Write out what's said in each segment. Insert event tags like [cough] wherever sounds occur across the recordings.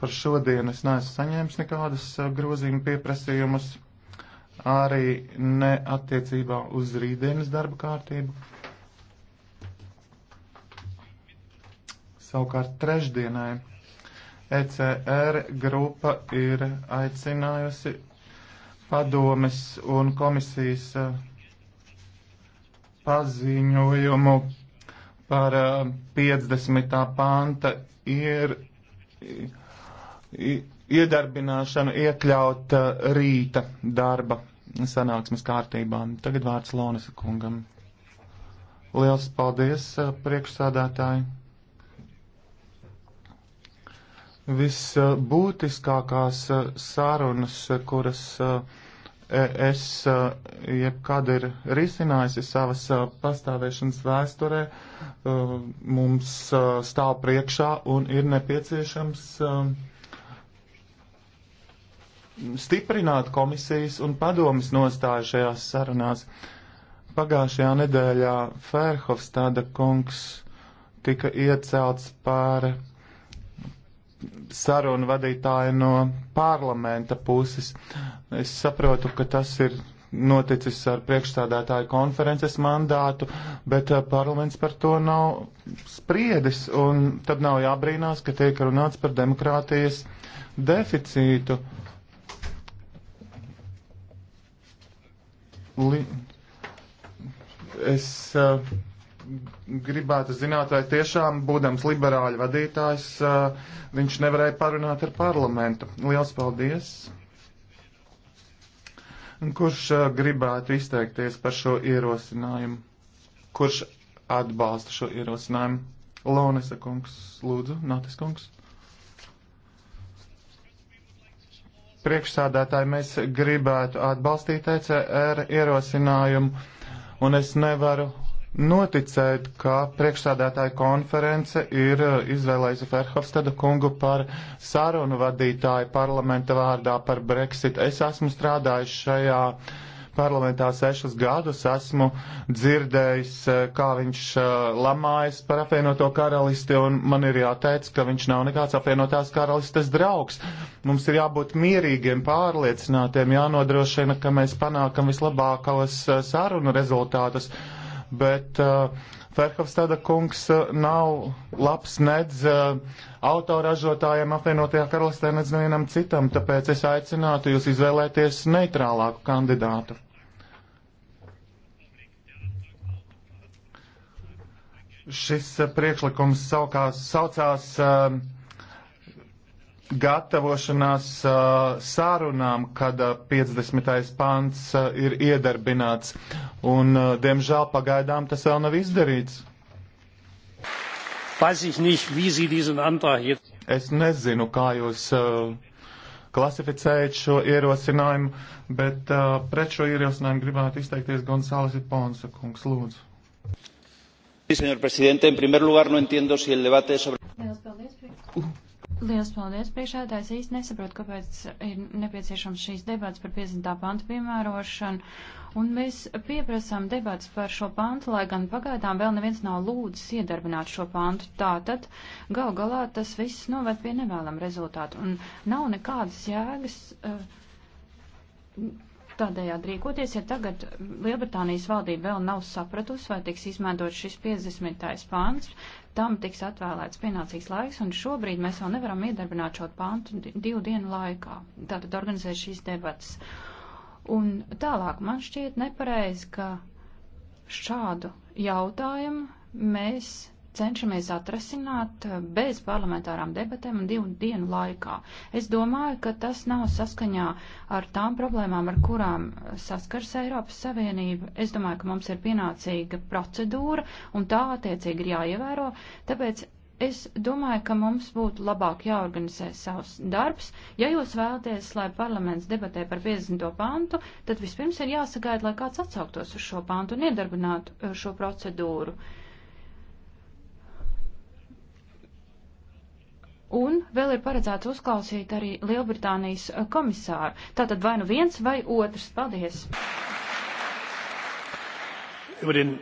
Par šodienu es neesmu saņēmis nekādas eh, grozījuma pieprasījumus, arī ne attiecībā uz rītdienas darba kārtību. Savukārt trešdienai ECR grupa ir aicinājusi padomes un komisijas eh, paziņojumu par 50. Eh, panta ir iedarbināšanu iekļaut uh, rīta darba sanāksmes kārtībā. Tagad vārds Lonas kungam. Liels paldies, uh, priekšsādātāji! Visbūtiskākās uh, sarunas, kuras es jebkad ir risinājusi savas pastāvēšanas vēsturē, mums stāv priekšā un ir nepieciešams uh, stiprināt komisijas un padomis nostāju šajās sarunās. Pagājušajā nedēļā Fērhofstāda kungs tika iecelts par sarunu vadītāju no parlamenta puses. Es saprotu, ka tas ir noticis ar priekšstādātāju konferences mandātu, bet eh, parlaments par to nav spriedis, un tad nav jābrīnās, ka tiek runāts par demokrātijas deficītu. Uh, Li... Es uh, gribētu zināt, vai tiešām, būdams liberāļu vadītājs, uh, viņš nevarēja parunāt ar parlamentu. Liels paldies! Kurš uh, gribētu izteikties par šo ierosinājumu? Kurš atbalsta šo ierosinājumu? Launesa kungs, lūdzu, Natis kungs. priekšsādātāji, mēs gribētu atbalstīt ECR ierosinājumu, un es nevaru noticēt, ka priekšsādātāja konference ir uh, izvēlējusi Ferhofstadu kungu par sarunu vadītāju parlamenta vārdā par Brexit. Es esmu strādājis šajā parlamentā sešus gadus esmu dzirdējis, e, kā viņš e, lamājas par apvienoto karalisti, un man ir jāteic, ka viņš nav nekāds apvienotās karalistes draugs. Mums ir jābūt mierīgiem, pārliecinātiem, jānodrošina, ka mēs panākam vislabākos e, sarunu rezultātus, bet uh, Ferhofstada kungs nav labs nedz autoražotājiem apvienotajā karalistē, nedz nevienam citam, tāpēc es aicinātu jūs izvēlēties neitrālāku kandidātu. Šis eh, priekšlikums saukās, saucās uh, gatavošanās uh, sārunām, kad uh, 50. pants uh, ir iedarbināts, un, uh, diemžēl, pagaidām tas vēl nav izdarīts. Es nezinu, kā jūs uh, klasificējat šo ierosinājumu, bet uh, pret šo ierosinājumu gribētu izteikties Gonzāles Iponsa kungs, lūdzu. Señor presidente, en primer lugar no entiendo si el debate sobre. Lielas paldies, priekšētājs īsti nesaprot, kāpēc ir nepieciešams šīs debats par 50. pantu piemērošanu, un mēs pieprasām debats par šo pantu, lai gan pagaidām vēl neviens nav lūdzis iedarbināt šo pantu. Tātad, gal galā tas viss noved pie nevēlam rezultātu, un nav nekādas jēgas. Uh, tādējādi rīkoties, ja tagad Lielbritānijas valdība vēl nav sapratusi, vai tiks izmantot šis 50. pāns, tam tiks atvēlēts pienācīgs laiks, un šobrīd mēs vēl nevaram iedarbināt šo pāntu divu dienu laikā. Tātad organizēt šīs debatas. Un tālāk man šķiet nepareizi, ka šādu jautājumu mēs cenšamies atrasināt eh, bez parlamentārām debatēm divu dienu laikā. Es domāju, ka tas nav saskaņā ar tām problēmām, ar kurām eh, saskars Eiropas Savienība. Es domāju, ka mums ir pienācīga procedūra un tā attiecīgi ir jāievēro. Tāpēc es domāju, ka mums būtu labāk jāorganizē savs darbs. Ja jūs vēlaties, lai parlaments debatē par 50. pantu, tad vispirms ir jāsagaida, lai kāds atsauktos uz šo pantu un iedarbinātu eh, šo procedūru. Uh, un vēl ir paredzēts uzklausīt arī Lielbritānijas eh, komisāru. Tātad vai nu viens vai otrs. Paldies! Über den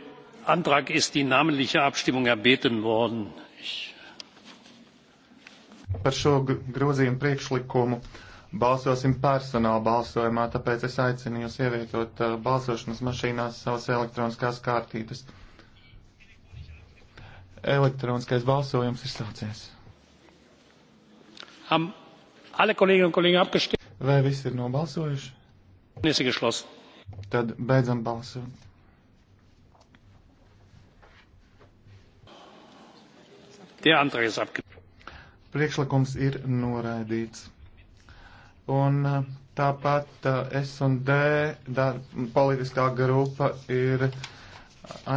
Antrag ist die namentliche Abstimmung erbeten worden. Ich Par šo grozījumu priekšlikumu balsosim personāla balsojumā, tāpēc es aicinu jūs ievietot uh, balsošanas mašīnās savas elektroniskās kārtītes. Elektroniskais balsojums ir sācies haben alle Kolleginnen und Kollegen abgestimmt? Vai visi ir nobalsojuši? Tad beidzam balsot. Priekšlikums ir noraidīts. Un eh, tāpat eh, S un D dar, politiskā grupa ir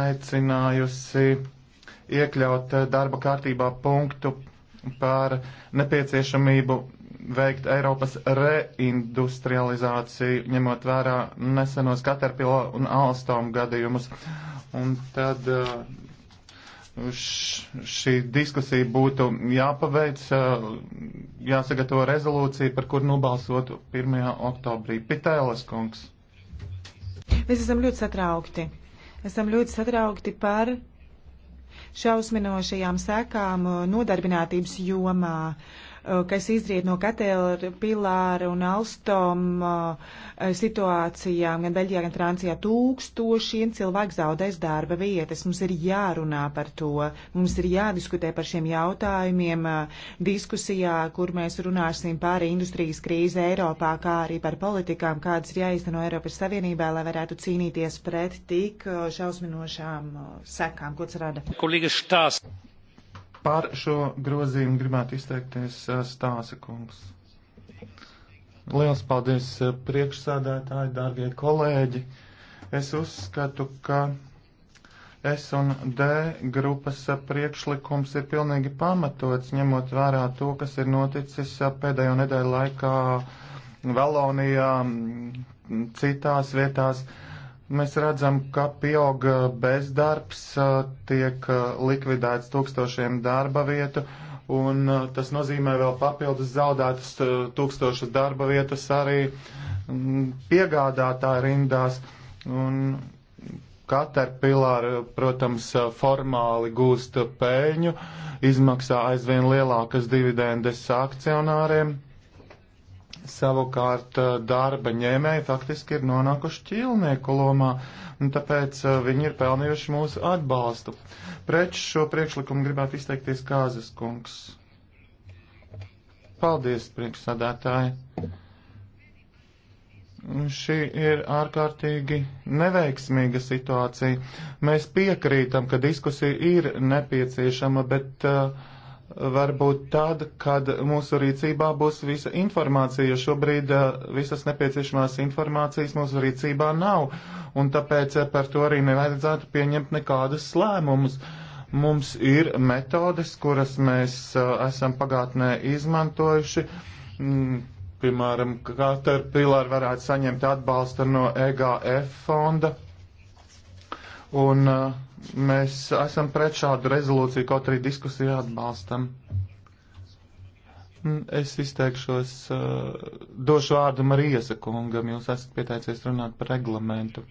aicinājusi iekļaut eh, darba kārtībā punktu par nepieciešamību veikt Eiropas reindustrializāciju, ņemot vērā nesenos Caterpillar un Alstom gadījumus. Un tad uh, š, šī diskusija būtu jāpaveic, uh, jāsagatavo rezolūcija, par kur nobalsotu 1. oktobrī. Pitēlas kungs. Mēs esam ļoti satraukti. Esam ļoti satraukti par šausminošajām sekām uh, nodarbinātības jomā. Uh, Eh, kas izriet no Katēla, Pilāra un Alstom eh, situācijām, gan Beļģijā, gan Francijā. Tūkstošiem cilvēku zaudēs darba vietas. Mums ir jārunā par to. Mums ir jādiskutē par šiem jautājumiem eh, diskusijā, kur mēs runāsim par industrijas krīzi Eiropā, kā arī par politikām, kādas ir jāizteno Eiropas Savienībā, lai varētu cīnīties pret tik šausminošām sekām, ko tas rada. Kolīga Štās. Par šo grozījumu gribētu izteikties Stāsa kungs. Liels paldies priekšsādātāji, dārgie kolēģi. Es uzskatu, ka S un D grupas priekšlikums ir pilnīgi pamatots, ņemot vērā to, kas ir noticis pēdējo nedēļu laikā Valonijā, citās vietās. Uh, Mēs redzam, ka pieaug eh, bezdarbs, eh, tiek eh, likvidēts tūkstošiem darba vietu, un tas nozīmē vēl papildus zaudētas tūkstošas darba vietas arī mm, piegādātāju rindās. Un Caterpillar, protams, formāli gūst peļņu, izmaksā aizvien lielākas dividendes akcionāriem Savukārt eh, darba ņēmēji faktiski ir nonākuši ķīlnieku lomā, un tāpēc eh, viņi ir pelnījuši mūsu atbalstu. Pret šo priekšlikumu gribētu izteikties Kāzes kungs. Paldies, priekšsādātāji! Šī ir ārkārtīgi neveiksmīga situācija. Mēs piekrītam, ka diskusija ir nepieciešama, bet uh, var būt tad, kad mūsu rīcībā būs visa informācija, jo šobrīd eh, visas nepieciešamās informācijas mūsu rīcībā nav, un tāpēc eh, par to arī nevajadzētu pieņemt nekādas lēmumus. Mums ir metodes, kuras mēs eh, esam pagātnē izmantojuši. Mm, piemēram, Caterpillar varētu saņemt atbalstu no EGF fonda Un uh, mēs esam pret šādu rezolūciju, kaut arī diskusiju atbalstam. Mm, es izteikšos, uh, došu vārdu Marijas kungam, jūs esat pieteicies runāt par reglamentu.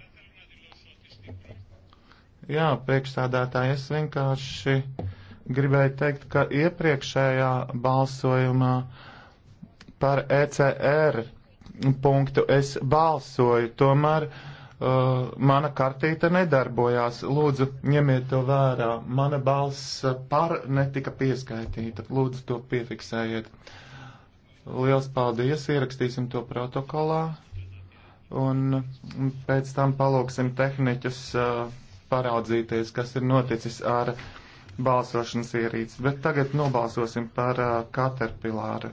Jā, priekšsādātāji, es vienkārši gribēju teikt, ka iepriekšējā balsojumā par ECR punktu es balsoju, tomēr uh, uh, mana kartīte nedarbojās. Lūdzu, ņemiet to vērā. Mana balss uh, par netika pieskaitīta. Lūdzu, to piefiksējiet. Liels paldies, ierakstīsim to protokolā. Un pēc tam palūksim tehniķus uh, paraudzīties, kas ir noticis ar balsošanas ierīci. Bet tagad nobalsosim par uh, Caterpillara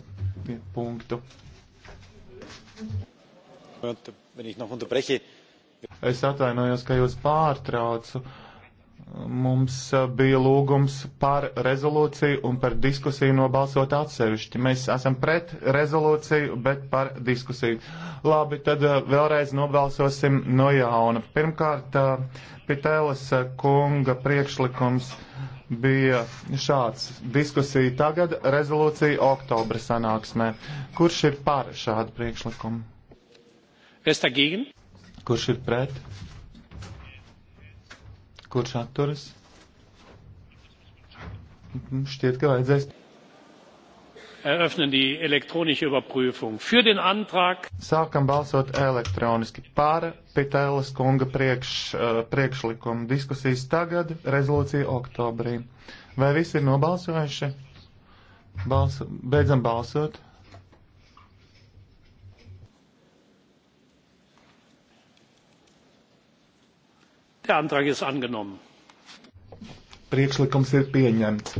punktu. Wenn ich noch unterbreche, Es atvainojos, ka jūs pārtraucu. Mums uh, bija lūgums par rezolūciju un par diskusiju nobalsot atsevišķi. Mēs esam pret rezolūciju, bet par diskusiju. Labi, tad uh, vēlreiz nobalsosim no jauna. Pirmkārt, uh, Pitēlis kunga priekšlikums bija šāds. Diskusija tagad, rezolūcija oktobra sanāksmē. Kurš ir par šādu priekšlikumu? Es dagegen. Kurš ir pret? Kurš atturas? Šķiet, ka vajadzēs. Eröffnen die elektronische Überprüfung. Für den Antrag. Sākam balsot elektroniski par Pitēlas kunga priekš, uh, priekšlikumu diskusijas tagad, rezolūcija oktobrī. Vai visi ir nobalsojuši? Balso, beidzam balsot. Der Antrag ist angenommen. Priekšlikums ir pieņemts.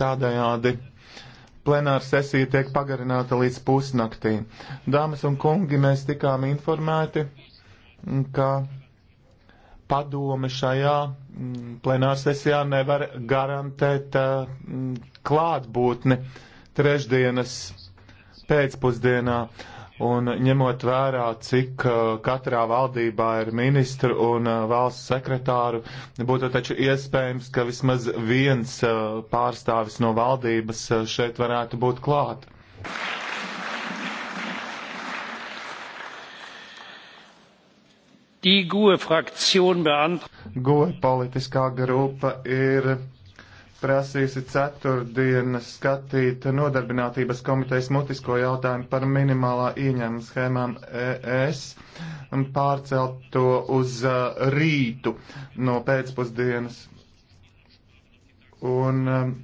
Tādējādi plenāra sesija tiek pagarināta līdz pusnaktī. Dāmas un kungi, mēs tikām informēti, ka padome šajā mm, plenāra sesijā nevar garantēt uh, klātbūtni trešdienas pēcpusdienā. Un ņemot vērā, cik uh, katrā valdībā ir ministru un uh, valsts sekretāru, būtu taču iespējams, ka vismaz viens uh, pārstāvis no valdības šeit varētu būt klāt. Die GUE frakcija beantragt. GUE politiskā grupa ir prasījusi ceturtdienu skatīt nodarbinātības komitejas mutisko jautājumu par minimālā ieņēmuma schēmām ES un pārcelt to uz uh, rītu no pēcpusdienas. Un um,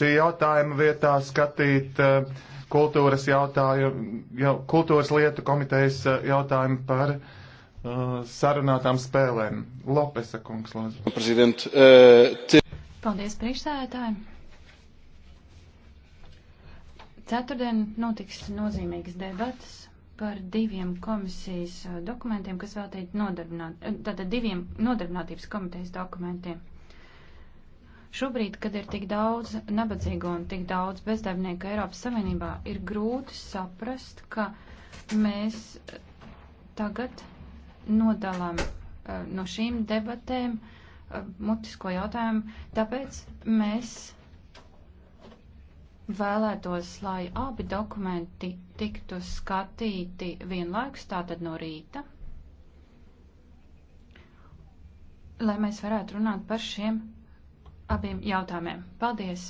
šī jautājuma vietā skatīt uh, kultūras jautājumu, jau, kultūras lietu komitejas uh, jautājumu par uh, Uh, sarunātām spēlēm. Lopesa kungs, lūdzu. Prezident, uh, te... Paldies, priekšsēdētāji. Ceturtdien notiks nozīmīgas debatas par diviem komisijas uh, dokumentiem, kas veltīti nodarbināt, uh, tātad diviem nodarbinātības komitejas dokumentiem. Šobrīd, kad ir tik daudz nabadzīgo un tik daudz bezdarbnieku Eiropas Savienībā, ir grūti saprast, ka mēs tagad nodalām eh, no šīm debatēm eh, mutisko jautājumu, tāpēc mēs vēlētos, lai abi dokumenti tiktu skatīti vienlaikus, tātad no rīta, lai mēs varētu runāt par šiem abiem jautājumiem. Paldies!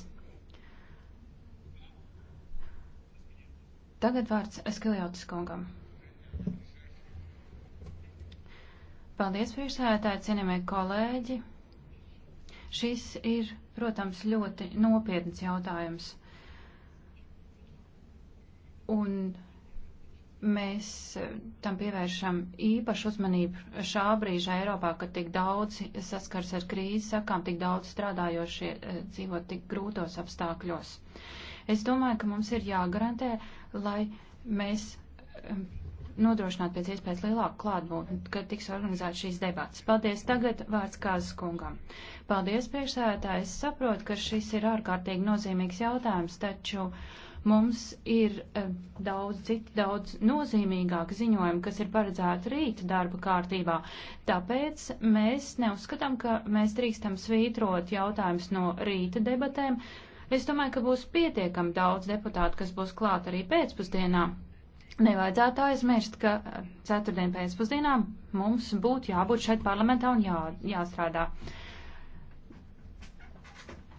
Tagad vārds Skiljautis kungam. Paldies, priekšsēdētāji, cienījamie kolēģi. Šis ir, protams, ļoti nopietns jautājums. Un mēs tam pievēršam īpašu uzmanību šā brīža Eiropā, kad tik daudz saskars ar krīzi, sakām, tik daudz strādājošie eh, dzīvo tik grūtos apstākļos. Es domāju, ka mums ir jāgarantē, lai mēs eh, nodrošināt pēc iespējas lielāku klātbūtni, kad tiks organizēts šīs debats. Paldies tagad vārds Kāzas kungam. Paldies priekšsēdētāji, es saprotu, ka šis ir ārkārtīgi nozīmīgs jautājums, taču mums ir eh, daudz citu, daudz nozīmīgāk ziņojumi, kas ir paredzēti rīta darba kārtībā. Tāpēc mēs neuzskatām, ka mēs drīkstam svītrot jautājumus no rīta debatēm. Es domāju, ka būs pietiekami daudz deputātu, kas būs klāt arī pēcpusdienā. Nevajadzētu aizmirst, ka ceturtdien pēcpusdienā mums būtu jābūt šeit parlamentā un jā, jāstrādā.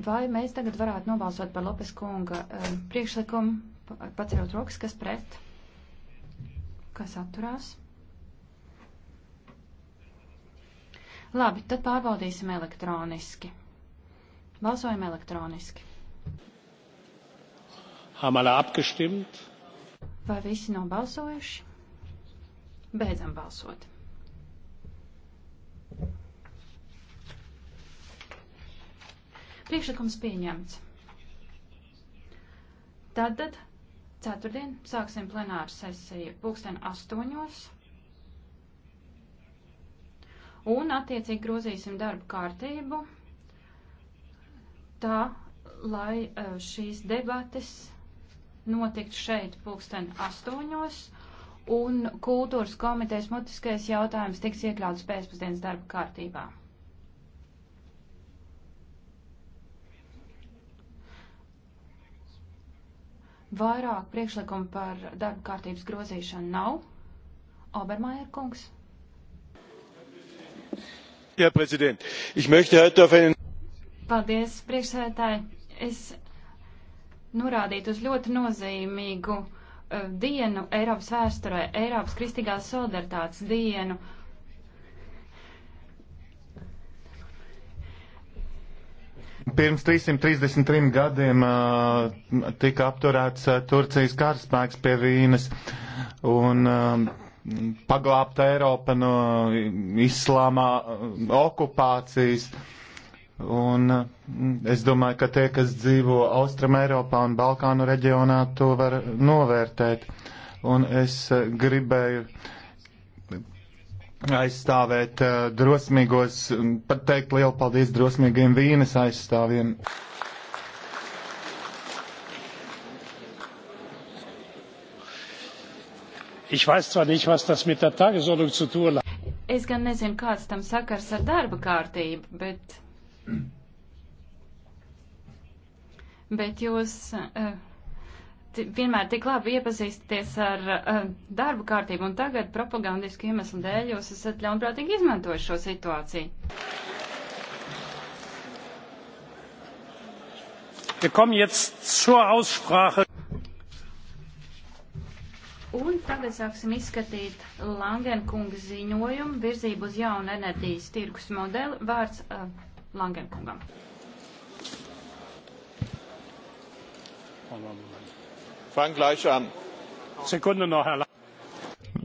Vai mēs tagad varētu nobalsot par Lopes kunga eh, priekšlikumu, paceļot rokas, kas pret, kas atturās? Labi, tad pārbaudīsim elektroniski. Balsojam elektroniski. Haben alle abgestimmt? Vai visi nobalsojuši? Beidzam balsot. Priekšlikums pieņemts. Tad, tad ceturtdien sāksim plenāru sesiju pulksten astoņos. Un attiecīgi grozīsim darbu kārtību tā, lai eh, šīs debates notikt šeit pulksten astoņos, un kultūras komitejas mutiskais jautājums tiks iekļauts pēcpusdienas darba kārtībā. Vairāk priekšlikumu par darba kārtības grozīšanu nav. Obermaier kungs. Jā, prezident. Ich möchte heute auf einen. Paldies, priekšsēdētāji. Es norādīt uz ļoti nozīmīgu uh, dienu Eiropas vēsturē, Eiropas kristīgās solidaritātes dienu. Pirms 333 gadiem uh, tika apturēts uh, Turcijas karaspēks pie Vīnes un uh, paglābta Eiropa no islāma okupācijas. Uh, Un mm, es domāju, ka tie, kas dzīvo Austram Eiropā un Balkānu reģionā, to var novērtēt. Un es eh, gribēju aizstāvēt eh, drosmīgos, mm, pat teikt lielu paldies drosmīgiem vīnes aizstāvjiem. Ich weiß zwar nicht, was das mit der Tagesordnung zu tun hat. Es gan nezinu, kāds tam sakars ar darba kārtību, bet [clears throat] Bet jūs eh, vienmēr tik labi iepazīstaties ar eh, darbu kārtību, un tagad propagandisku iemeslu dēļ jūs esat ļaunprātīgi izmantojuši šo situāciju. Wir kommen jetzt zur Aussprache. Un tagad sāksim izskatīt Langenkunga ziņojumu virzību uz jaunu enerģijas tirgus modeli. Vārds uh, Langenkungam. Fang gleich an. Sekunde noch, Herr Langen.